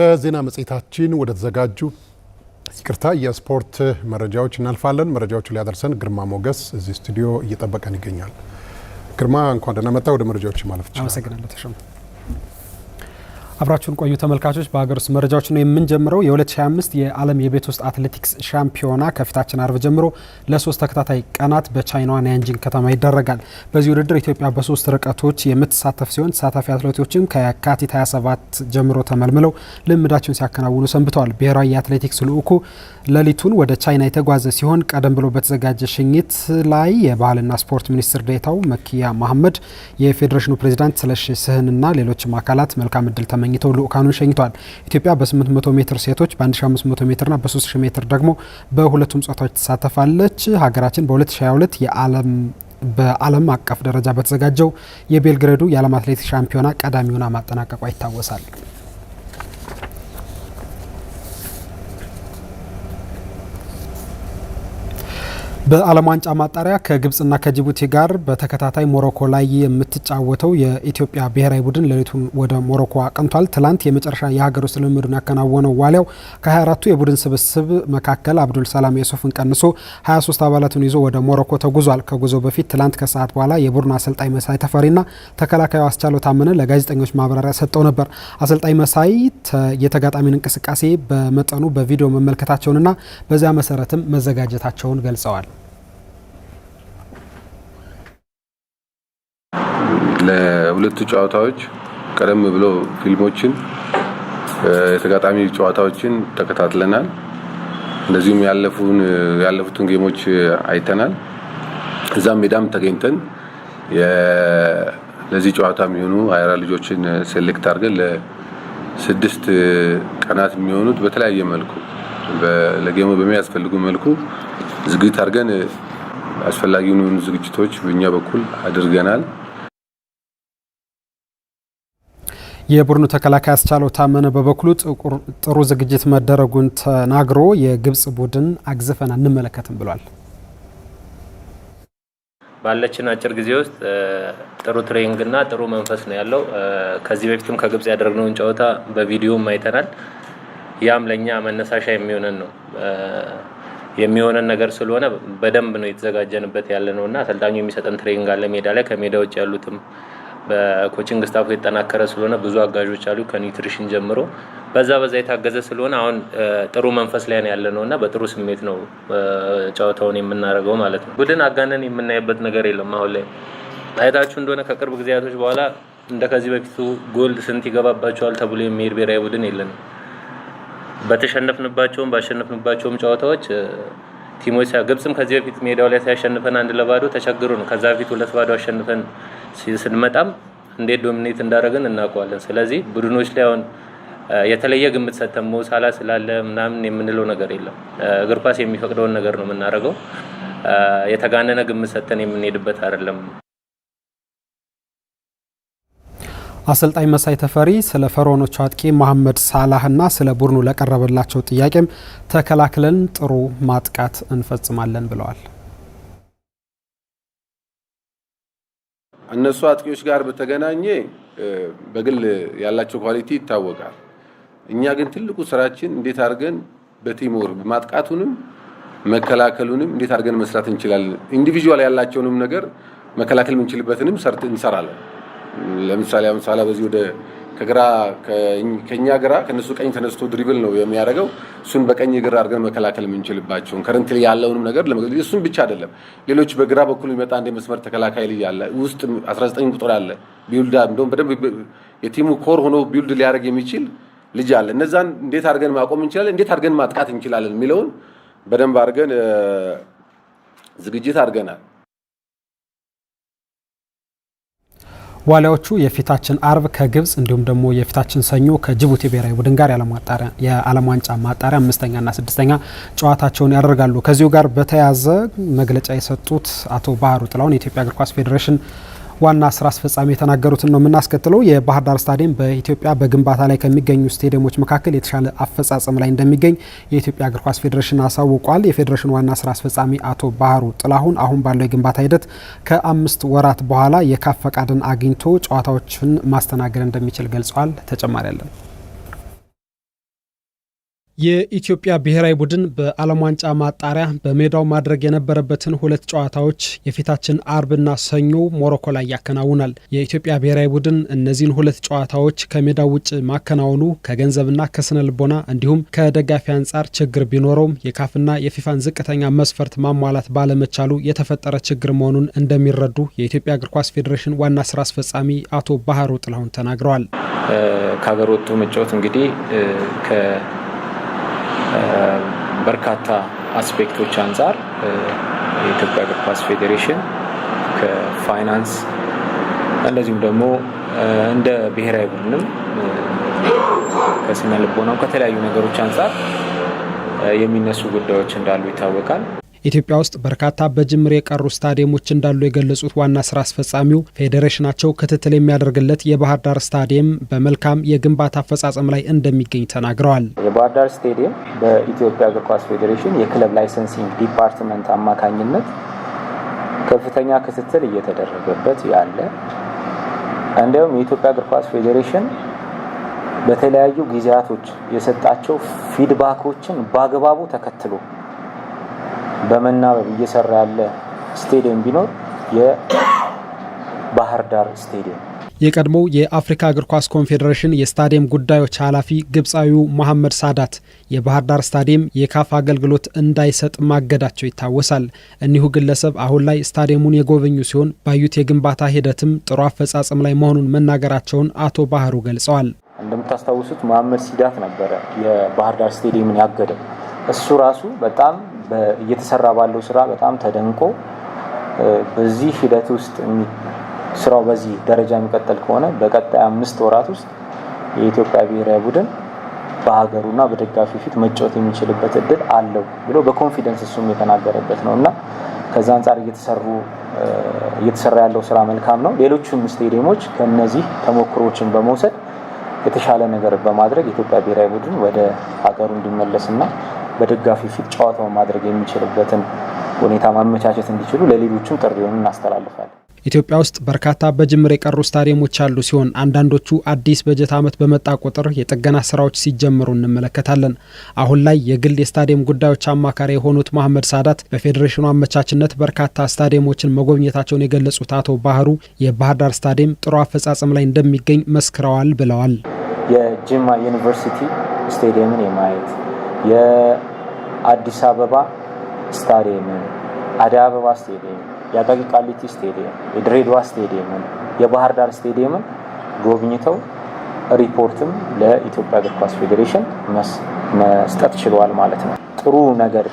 ለዜና መጽሔታችን ወደ ተዘጋጁ ይቅርታ የስፖርት መረጃዎች እናልፋለን። መረጃዎቹ ሊያደርሰን ግርማ ሞገስ እዚህ ስቱዲዮ እየጠበቀን ይገኛል። ግርማ፣ እንኳን ደህና መጣ። ወደ መረጃዎች ማለፍ ይችላል። አመሰግናለሁ ተሾመ። አብራችሁን ቆዩ ተመልካቾች። በሀገር ውስጥ መረጃዎች ነው የምንጀምረው። የ2025 የዓለም የቤት ውስጥ አትሌቲክስ ሻምፒዮና ከፊታችን አርብ ጀምሮ ለሶስት ተከታታይ ቀናት በቻይናዋ ናያንጂንግ ከተማ ይደረጋል። በዚህ ውድድር ኢትዮጵያ በሶስት ርቀቶች የምትሳተፍ ሲሆን ተሳታፊ አትሌቶችም ከካቲት 27 ጀምሮ ተመልምለው ልምዳቸውን ሲያከናውኑ ሰንብተዋል። ብሔራዊ የአትሌቲክስ ልዑኩ ሌሊቱን ወደ ቻይና የተጓዘ ሲሆን ቀደም ብሎ በተዘጋጀ ሽኝት ላይ የባህልና ስፖርት ሚኒስትር ዴታው መኪያ መሀመድ የፌዴሬሽኑ ፕሬዚዳንት ስለሺ ስህንና ሌሎችም አካላት መልካም እድል ተመኝ አግኝተው ልኡካኑን ሸኝተዋል። ኢትዮጵያ በ800 ሜትር ሴቶች፣ በ1500 ሜትርና በ3000 ሜትር ደግሞ በሁለቱም ጾታዎች ትሳተፋለች። ሀገራችን በ2022 የዓለም በዓለም አቀፍ ደረጃ በተዘጋጀው የቤልግሬዱ የዓለም አትሌቲክስ ሻምፒዮና ቀዳሚውን ሆና ማጠናቀቋ ይታወሳል። በዓለም ዋንጫ ማጣሪያ ከግብጽና ከጅቡቲ ጋር በተከታታይ ሞሮኮ ላይ የምትጫወተው የኢትዮጵያ ብሔራዊ ቡድን ሌሊቱን ወደ ሞሮኮ አቅንቷል። ትላንት የመጨረሻ የሀገር ውስጥ ልምምዱን ያከናወነው ዋሊያው ከ24ቱ የቡድን ስብስብ መካከል አብዱል ሰላም የሱፍን ቀንሶ 23 አባላቱን ይዞ ወደ ሞሮኮ ተጉዟል። ከጉዞ በፊት ትላንት ከሰዓት በኋላ የቡድኑ አሰልጣኝ መሳይ ተፈሪና ተከላካዩ አስቻለው ታመነ ለጋዜጠኞች ማብራሪያ ሰጥተው ነበር። አሰልጣኝ መሳይ የተጋጣሚን እንቅስቃሴ በመጠኑ በቪዲዮ መመልከታቸውንና በዚያ መሰረትም መዘጋጀታቸውን ገልጸዋል። ለሁለቱ ጨዋታዎች ቀደም ብሎ ፊልሞችን የተጋጣሚ ጨዋታዎችን ተከታትለናል። እንደዚሁም ያለፉትን ጌሞች አይተናል። እዛም ሜዳም ተገኝተን ለዚህ ጨዋታ የሚሆኑ አየራ ልጆችን ሴሌክት አድርገን ለስድስት ቀናት የሚሆኑት በተለያየ መልኩ ለጌሙ በሚያስፈልጉ መልኩ ዝግጅት አድርገን አስፈላጊውን ዝግጅቶች በእኛ በኩል አድርገናል። የቡድኑ ተከላካይ አስቻለው ታመነ በበኩሉ ጥሩ ዝግጅት መደረጉን ተናግሮ የግብጽ ቡድን አግዝፈን አንመለከትም ብሏል። ባለችን አጭር ጊዜ ውስጥ ጥሩ ትሬኒንግ እና ጥሩ መንፈስ ነው ያለው። ከዚህ በፊትም ከግብጽ ያደረግነውን ጨዋታ በቪዲዮም አይተናል። ያም ለእኛ መነሳሻ የሚሆነን ነው የሚሆነን ነገር ስለሆነ በደንብ ነው የተዘጋጀንበት ያለ ነው እና አሰልጣኙ የሚሰጠን ትሬኒንግ አለ ሜዳ ላይ ከሜዳ ውጭ ያሉትም በኮችንግ ስታፉ የተጠናከረ ስለሆነ ብዙ አጋዦች አሉ፣ ከኒትሪሽን ጀምሮ በዛ በዛ የታገዘ ስለሆነ አሁን ጥሩ መንፈስ ላይ ነው ያለ ነው እና በጥሩ ስሜት ነው ጨዋታውን የምናደርገው ማለት ነው። ቡድን አጋነን የምናይበት ነገር የለም። አሁን ላይ አይታችሁ እንደሆነ ከቅርብ ጊዜያቶች በኋላ እንደ ከዚህ በፊቱ ጎል ስንት ይገባባቸዋል ተብሎ የሚሄድ ብሔራዊ ቡድን የለንም። በተሸነፍንባቸውም ባሸነፍንባቸውም ጨዋታዎች ቲሞች ግብፅም ከዚህ በፊት ሜዳው ላይ ሲያሸንፈን አንድ ለባዶ ተቸግሮ ነው። ከዛ በፊት ሁለት ባዶ አሸንፈን ስንመጣም እንዴት ዶሚኔት እንዳደረግን እናውቀዋለን። ስለዚህ ቡድኖች ላይ አሁን የተለየ ግምት ሰተ መውሳላ ስላለ ምናምን የምንለው ነገር የለም። እግር ኳስ የሚፈቅደውን ነገር ነው የምናደርገው። የተጋነነ ግምት ሰተን የምንሄድበት አይደለም። አሰልጣኝ መሳይ ተፈሪ ስለ ፈሮኖቹ አጥቂ መሐመድ ሳላህና ስለ ቡድኑ ለቀረበላቸው ጥያቄም ተከላክለን ጥሩ ማጥቃት እንፈጽማለን ብለዋል። እነሱ አጥቂዎች ጋር በተገናኘ በግል ያላቸው ኳሊቲ ይታወቃል። እኛ ግን ትልቁ ስራችን እንዴት አድርገን በቲሞር ማጥቃቱንም መከላከሉንም እንዴት አድርገን መስራት እንችላለን፣ ኢንዲቪዥዋል ያላቸውንም ነገር መከላከል የምንችልበትንም ሰርት እንሰራለን። ለምሳሌ አሁን ሳላ በዚህ ወደ ከግራ ከኛ ግራ ከነሱ ቀኝ ተነስቶ ድሪብል ነው የሚያደርገው። እሱን በቀኝ ግራ አድርገን መከላከል የምንችልባቸውን ከረንት ላይ ያለውንም ነገር ለመግለጽ እሱን ብቻ አይደለም፣ ሌሎች በግራ በኩል የሚመጣ አንድ የመስመር ተከላካይ ልጅ አለ ውስጥ 19 ቁጥር አለ ቢውልድ እንደውም በደንብ የቲሙ ኮር ሆኖ ቢውልድ ሊያደርግ የሚችል ልጅ አለ። እነዛን እንዴት አድርገን ማቆም እንችላለን፣ እንዴት አድርገን ማጥቃት እንችላለን የሚለውን በደንብ አድርገን ዝግጅት አድርገናል። ዋሊያዎቹ የፊታችን አርብ ከግብጽ እንዲሁም ደግሞ የፊታችን ሰኞ ከጅቡቲ ብሔራዊ ቡድን ጋር የዓለም ዋንጫ ማጣሪያ አምስተኛና ስድስተኛ ጨዋታቸውን ያደርጋሉ። ከዚሁ ጋር በተያያዘ መግለጫ የሰጡት አቶ ባህሩ ጥላውን የኢትዮጵያ እግር ኳስ ፌዴሬሽን ዋና ስራ አስፈጻሚ የተናገሩትን ነው የምናስከትለው። የባህር ዳር ስታዲየም በኢትዮጵያ በግንባታ ላይ ከሚገኙ ስቴዲየሞች መካከል የተሻለ አፈጻጸም ላይ እንደሚገኝ የኢትዮጵያ እግር ኳስ ፌዴሬሽን አሳውቋል። የፌዴሬሽን ዋና ስራ አስፈጻሚ አቶ ባህሩ ጥላሁን አሁን ባለው የግንባታ ሂደት ከአምስት ወራት በኋላ የካፍ ፈቃድን አግኝቶ ጨዋታዎችን ማስተናገድ እንደሚችል ገልጸዋል። ተጨማሪ ያለን የኢትዮጵያ ብሔራዊ ቡድን በዓለም ዋንጫ ማጣሪያ በሜዳው ማድረግ የነበረበትን ሁለት ጨዋታዎች የፊታችን አርብና ሰኞ ሞሮኮ ላይ ያከናውናል። የኢትዮጵያ ብሔራዊ ቡድን እነዚህን ሁለት ጨዋታዎች ከሜዳው ውጭ ማከናወኑ ከገንዘብና ከስነ ልቦና እንዲሁም ከደጋፊ አንጻር ችግር ቢኖረውም የካፍና የፊፋን ዝቅተኛ መስፈርት ማሟላት ባለመቻሉ የተፈጠረ ችግር መሆኑን እንደሚረዱ የኢትዮጵያ እግር ኳስ ፌዴሬሽን ዋና ስራ አስፈጻሚ አቶ ባህሩ ጥላሁን ተናግረዋል። ከሀገር ወጥቶ መጫወት እንግዲህ በርካታ አስፔክቶች አንጻር የኢትዮጵያ እግር ኳስ ፌዴሬሽን ከፋይናንስ እንደዚሁም ደግሞ እንደ ብሔራዊ ቡድንም ከስነ ልቦናው ከተለያዩ ነገሮች አንጻር የሚነሱ ጉዳዮች እንዳሉ ይታወቃል። ኢትዮጵያ ውስጥ በርካታ በጅምር የቀሩ ስታዲየሞች እንዳሉ የገለጹት ዋና ስራ አስፈጻሚው ፌዴሬሽናቸው ክትትል የሚያደርግለት የባህር ዳር ስታዲየም በመልካም የግንባታ አፈጻጸም ላይ እንደሚገኝ ተናግረዋል። የባህር ዳር ስታዲየም በኢትዮጵያ እግር ኳስ ፌዴሬሽን የክለብ ላይሰንሲንግ ዲፓርትመንት አማካኝነት ከፍተኛ ክትትል እየተደረገበት ያለ እንዲሁም የኢትዮጵያ እግር ኳስ ፌዴሬሽን በተለያዩ ጊዜያቶች የሰጣቸው ፊድባኮችን በአግባቡ ተከትሎ በመናበብ እየሰራ ያለ ስቴዲየም ቢኖር የባህር ዳር ስቴዲየም። የቀድሞው የአፍሪካ እግር ኳስ ኮንፌዴሬሽን የስታዲየም ጉዳዮች ኃላፊ ግብፃዊው መሐመድ ሳዳት የባህር ዳር ስታዲየም የካፍ አገልግሎት እንዳይሰጥ ማገዳቸው ይታወሳል። እኒሁ ግለሰብ አሁን ላይ ስታዲየሙን የጎበኙ ሲሆን ባዩት የግንባታ ሂደትም ጥሩ አፈጻጸም ላይ መሆኑን መናገራቸውን አቶ ባህሩ ገልጸዋል። እንደምታስታውሱት መሐመድ ሲዳት ነበረ የባህር ዳር ስታዲየምን ያገደው። እሱ ራሱ በጣም እየተሰራ ባለው ስራ በጣም ተደንቆ በዚህ ሂደት ውስጥ ስራው በዚህ ደረጃ የሚቀጠል ከሆነ በቀጣይ አምስት ወራት ውስጥ የኢትዮጵያ ብሔራዊ ቡድን በሀገሩና በደጋፊ ፊት መጫወት የሚችልበት እድል አለው ብሎ በኮንፊደንስ እሱም የተናገረበት ነው እና ከዛ አንጻር እየተሰራ ያለው ስራ መልካም ነው። ሌሎቹም ስቴዲየሞች ከነዚህ ተሞክሮችን በመውሰድ የተሻለ ነገር በማድረግ የኢትዮጵያ ብሔራዊ ቡድን ወደ ሀገሩ እንዲመለስና በደጋፊ ፊት ጨዋታውን ማድረግ የሚችልበትን ሁኔታ ማመቻቸት እንዲችሉ ለሌሎችም ጥሪውን እናስተላልፋለን። ኢትዮጵያ ውስጥ በርካታ በጅምር የቀሩ ስታዲየሞች ያሉ ሲሆን አንዳንዶቹ አዲስ በጀት ዓመት በመጣ ቁጥር የጥገና ስራዎች ሲጀምሩ እንመለከታለን። አሁን ላይ የግል የስታዲየም ጉዳዮች አማካሪ የሆኑት መሐመድ ሳዳት በፌዴሬሽኑ አመቻችነት በርካታ ስታዲየሞችን መጎብኘታቸውን የገለጹት አቶ ባህሩ የባህር ዳር ስታዲየም ጥሩ አፈጻጸም ላይ እንደሚገኝ መስክረዋል ብለዋል። የጅማ ዩኒቨርሲቲ ስታዲየምን የማየት አዲስ አበባ ስታዲየም አዲስ አበባ ስቴዲየም፣ የአቃቂ ቃሊቲ ስቴዲየም፣ የድሬዳዋ ስቴዲየምን፣ የባህር ዳር ስቴዲየምን ጎብኝተው ሪፖርትም ለኢትዮጵያ እግር ኳስ ፌዴሬሽን መስጠት ችሏል ማለት ነው። ጥሩ ነገር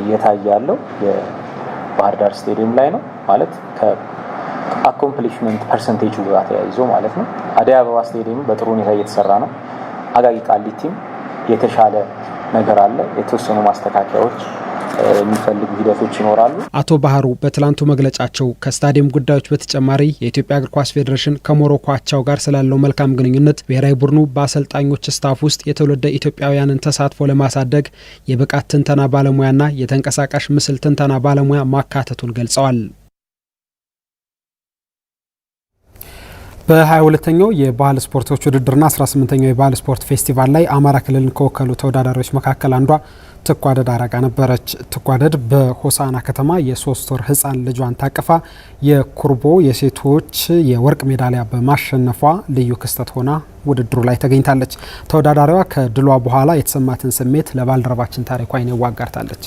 እየታየ ያለው የባህር ዳር ስቴዲየም ላይ ነው ማለት ከአኮምፕሊሽመንት ፐርሰንቴጁ ጋር ተያይዞ ማለት ነው። አደይ አበባ ስቴዲየም በጥሩ ሁኔታ እየተሰራ ነው። አቃቂ ቃሊቲም የተሻለ ነገር አለ። የተወሰኑ ማስተካከያዎች የሚፈልጉ ሂደቶች ይኖራሉ። አቶ ባህሩ በትላንቱ መግለጫቸው ከስታዲየም ጉዳዮች በተጨማሪ የኢትዮጵያ እግር ኳስ ፌዴሬሽን ከሞሮኮ አቻው ጋር ስላለው መልካም ግንኙነት ብሔራዊ ቡድኑ በአሰልጣኞች ስታፍ ውስጥ የተወለደ ኢትዮጵያውያንን ተሳትፎ ለማሳደግ የብቃት ትንተና ባለሙያና የተንቀሳቃሽ ምስል ትንተና ባለሙያ ማካተቱን ገልጸዋል። በ22ኛው የባህል ስፖርቶች ውድድርና 18ኛው የባህል ስፖርት ፌስቲቫል ላይ አማራ ክልልን ከወከሉ ተወዳዳሪዎች መካከል አንዷ ትኳደድ አረጋ ነበረች። ትኳደድ በሆሳና ከተማ የሶስት ወር ህፃን ልጇን ታቅፋ የኩርቦ የሴቶች የወርቅ ሜዳሊያ በማሸነፏ ልዩ ክስተት ሆና ውድድሩ ላይ ተገኝታለች። ተወዳዳሪዋ ከድሏ በኋላ የተሰማትን ስሜት ለባልደረባችን ታሪኳ አይኔ ዋጋርታለች።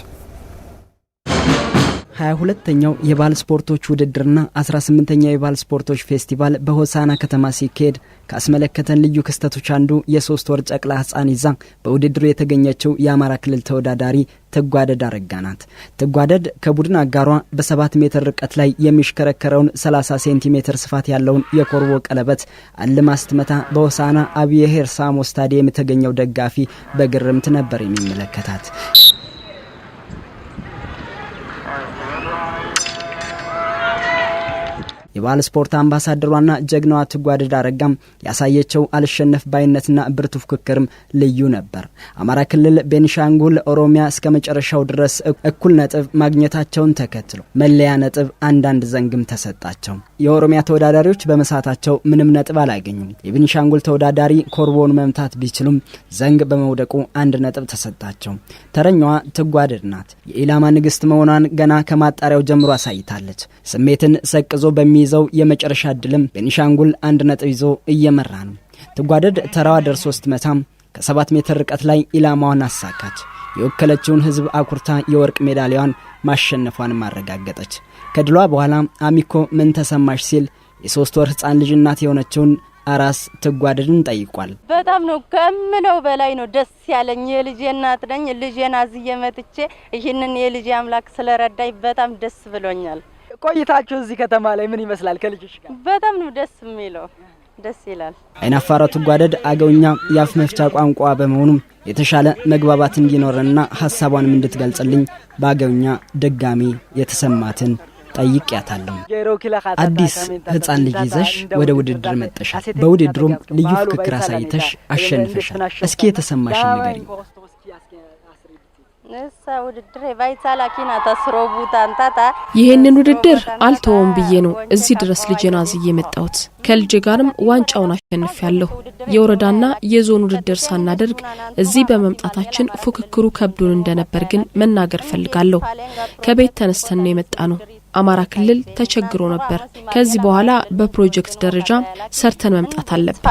ሀያ ሁለተኛው የባህል ስፖርቶች ውድድርና አስራ ስምንተኛው የባህል ስፖርቶች ፌስቲቫል በሆሳና ከተማ ሲካሄድ ካስመለከተን ልዩ ክስተቶች አንዱ የሶስት ወር ጨቅላ ህፃን ይዛ በውድድሩ የተገኘችው የአማራ ክልል ተወዳዳሪ ትጓደድ አረጋ ናት። ትጓደድ ከቡድን አጋሯ በሰባት ሜትር ርቀት ላይ የሚሽከረከረውን 30 ሴንቲሜትር ስፋት ያለውን የኮርቦ ቀለበት አልማ ስትመታ በሆሳና አብየሄር ሳሞ ስታዲየም የተገኘው ደጋፊ በግርምት ነበር የሚመለከታት። የባህል ስፖርት አምባሳደሯና ጀግናዋ ትጓደድ አረጋም ያሳየችው አልሸነፍ ባይነትና ብርቱ ፍክክርም ልዩ ነበር። አማራ ክልል፣ ቤኒሻንጉል፣ ኦሮሚያ እስከ መጨረሻው ድረስ እኩል ነጥብ ማግኘታቸውን ተከትሎ መለያ ነጥብ አንዳንድ ዘንግም ተሰጣቸው። የኦሮሚያ ተወዳዳሪዎች በመሳታቸው ምንም ነጥብ አላገኙም። የቤኒሻንጉል ተወዳዳሪ ኮርቦን መምታት ቢችሉም ዘንግ በመውደቁ አንድ ነጥብ ተሰጣቸው። ተረኛዋ ትጓደድ ናት። የኢላማ ንግስት መሆኗን ገና ከማጣሪያው ጀምሮ አሳይታለች። ስሜትን ሰቅዞ በሚይዝ ይዘው የመጨረሻ እድልም ቤኒሻንጉል አንድ ነጥብ ይዞ እየመራ ነው። ትጓደድ ተራዋ ደርሶ ስትመታም ከሰባት ሜትር ርቀት ላይ ኢላማዋን አሳካች። የወከለችውን ህዝብ አኩርታ የወርቅ ሜዳሊያዋን ማሸነፏን አረጋገጠች። ከድሏ በኋላ አሚኮ ምን ተሰማሽ ሲል የሶስት ወር ህፃን ልጅ እናት የሆነችውን አራስ ትጓደድን ጠይቋል። በጣም ነው ከምነው በላይ ነው ደስ ያለኝ። የልጄ እናት ነኝ። ልጄን አዝዬ መጥቼ ይህንን የልጄ አምላክ ስለረዳኝ በጣም ደስ ብሎኛል። ቆይታችሁ እዚህ ከተማ ላይ ምን ይመስላል? ከልጆች ጋር በጣም ነው ደስ የሚለው። ደስ ይላል። አይናፋራ ትጓደድ አገውኛ የአፍ መፍቻ ቋንቋ በመሆኑም የተሻለ መግባባት እንዲኖረና ሀሳቧንም እንድትገልጽልኝ በአገውኛ ድጋሚ የተሰማትን ጠይቅ ያታለሁ። አዲስ ህፃን ልጅ ይዘሽ ወደ ውድድር መጠሻል። በውድድሩም ልዩ ፍክክር አሳይተሽ አሸንፈሻል። እስኪ የተሰማሽን ንገሪኝ። ይህንን ውድድር አልተወውም ብዬ ነው እዚህ ድረስ ልጄን አዝዬ የመጣሁት። ከልጄ ጋርም ዋንጫውን አሸንፍ ያለሁ። የወረዳና የዞን ውድድር ሳናደርግ እዚህ በመምጣታችን ፉክክሩ ከብዱን እንደነበር ግን መናገር ፈልጋለሁ። ከቤት ተነስተን ነው የመጣ ነው። አማራ ክልል ተቸግሮ ነበር። ከዚህ በኋላ በፕሮጀክት ደረጃ ሰርተን መምጣት አለብን።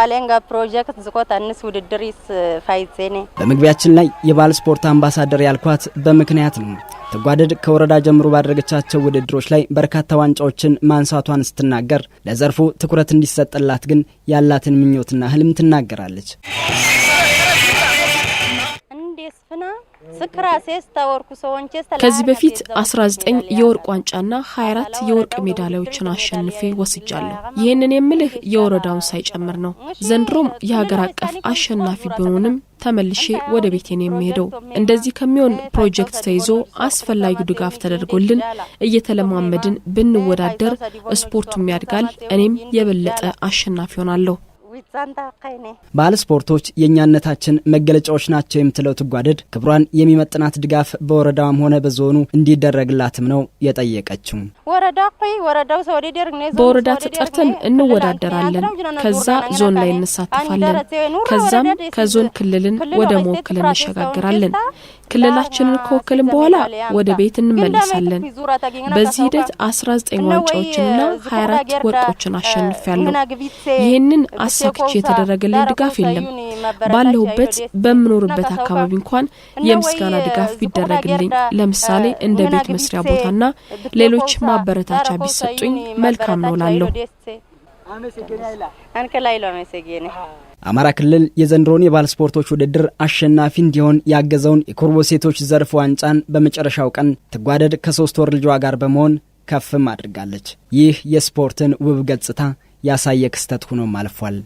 በመግቢያችን ላይ የባህል ስፖርት አምባሳደር ያልኳት በምክንያት ነው። ትጓደድ ከወረዳ ጀምሮ ባደረገቻቸው ውድድሮች ላይ በርካታ ዋንጫዎችን ማንሳቷን ስትናገር ለዘርፉ ትኩረት እንዲሰጥላት ግን ያላትን ምኞትና ህልም ትናገራለች። ከዚህ በፊት 19 የወርቅ ዋንጫና 24 የወርቅ ሜዳሊያዎችን አሸንፌ ወስጃለሁ። ይህንን የምልህ የወረዳውን ሳይጨምር ነው። ዘንድሮም የሀገር አቀፍ አሸናፊ ብንሆንም ተመልሼ ወደ ቤቴ ነው የሚሄደው። እንደዚህ ከሚሆን ፕሮጀክት ተይዞ አስፈላጊው ድጋፍ ተደርጎልን እየተለማመድን ብንወዳደር ስፖርቱም ያድጋል፣ እኔም የበለጠ አሸናፊ ሆናለሁ። ባለ ስፖርቶች የእኛነታችን መገለጫዎች ናቸው የምትለው ትጓደድ ክብሯን የሚመጥናት ድጋፍ በወረዳዋም ሆነ በዞኑ እንዲደረግላትም ነው የጠየቀችው። በወረዳ ተጠርተን እንወዳደራለን። ከዛ ዞን ላይ እንሳተፋለን። ከዛም ከዞን ክልልን ወደ መወከል እንሸጋግራለን። ክልላችንን ከወከልን በኋላ ወደ ቤት እንመለሳለን። በዚህ ሂደት አስራ ዘጠኝ ዋንጫዎችንና ሀያ አራት ወርቆችን አሸንፍ ያለሁ። ይህንን አሳክቼ የተደረገልኝ ድጋፍ የለም። ባለሁበት በምኖርበት አካባቢ እንኳን የምስጋና ድጋፍ ቢደረግልኝ፣ ለምሳሌ እንደ ቤት መስሪያ ቦታና ሌሎች ማበረታቻ ቢሰጡኝ መልካም ነው ላለሁ አማራ ክልል የዘንድሮን የባህል ስፖርቶች ውድድር አሸናፊ እንዲሆን ያገዘውን የኮርቦ ሴቶች ዘርፍ ዋንጫን በመጨረሻው ቀን ትጓደድ ከሶስት ወር ልጇ ጋር በመሆን ከፍም አድርጋለች። ይህ የስፖርትን ውብ ገጽታ ያሳየ ክስተት ሆኖም አልፏል።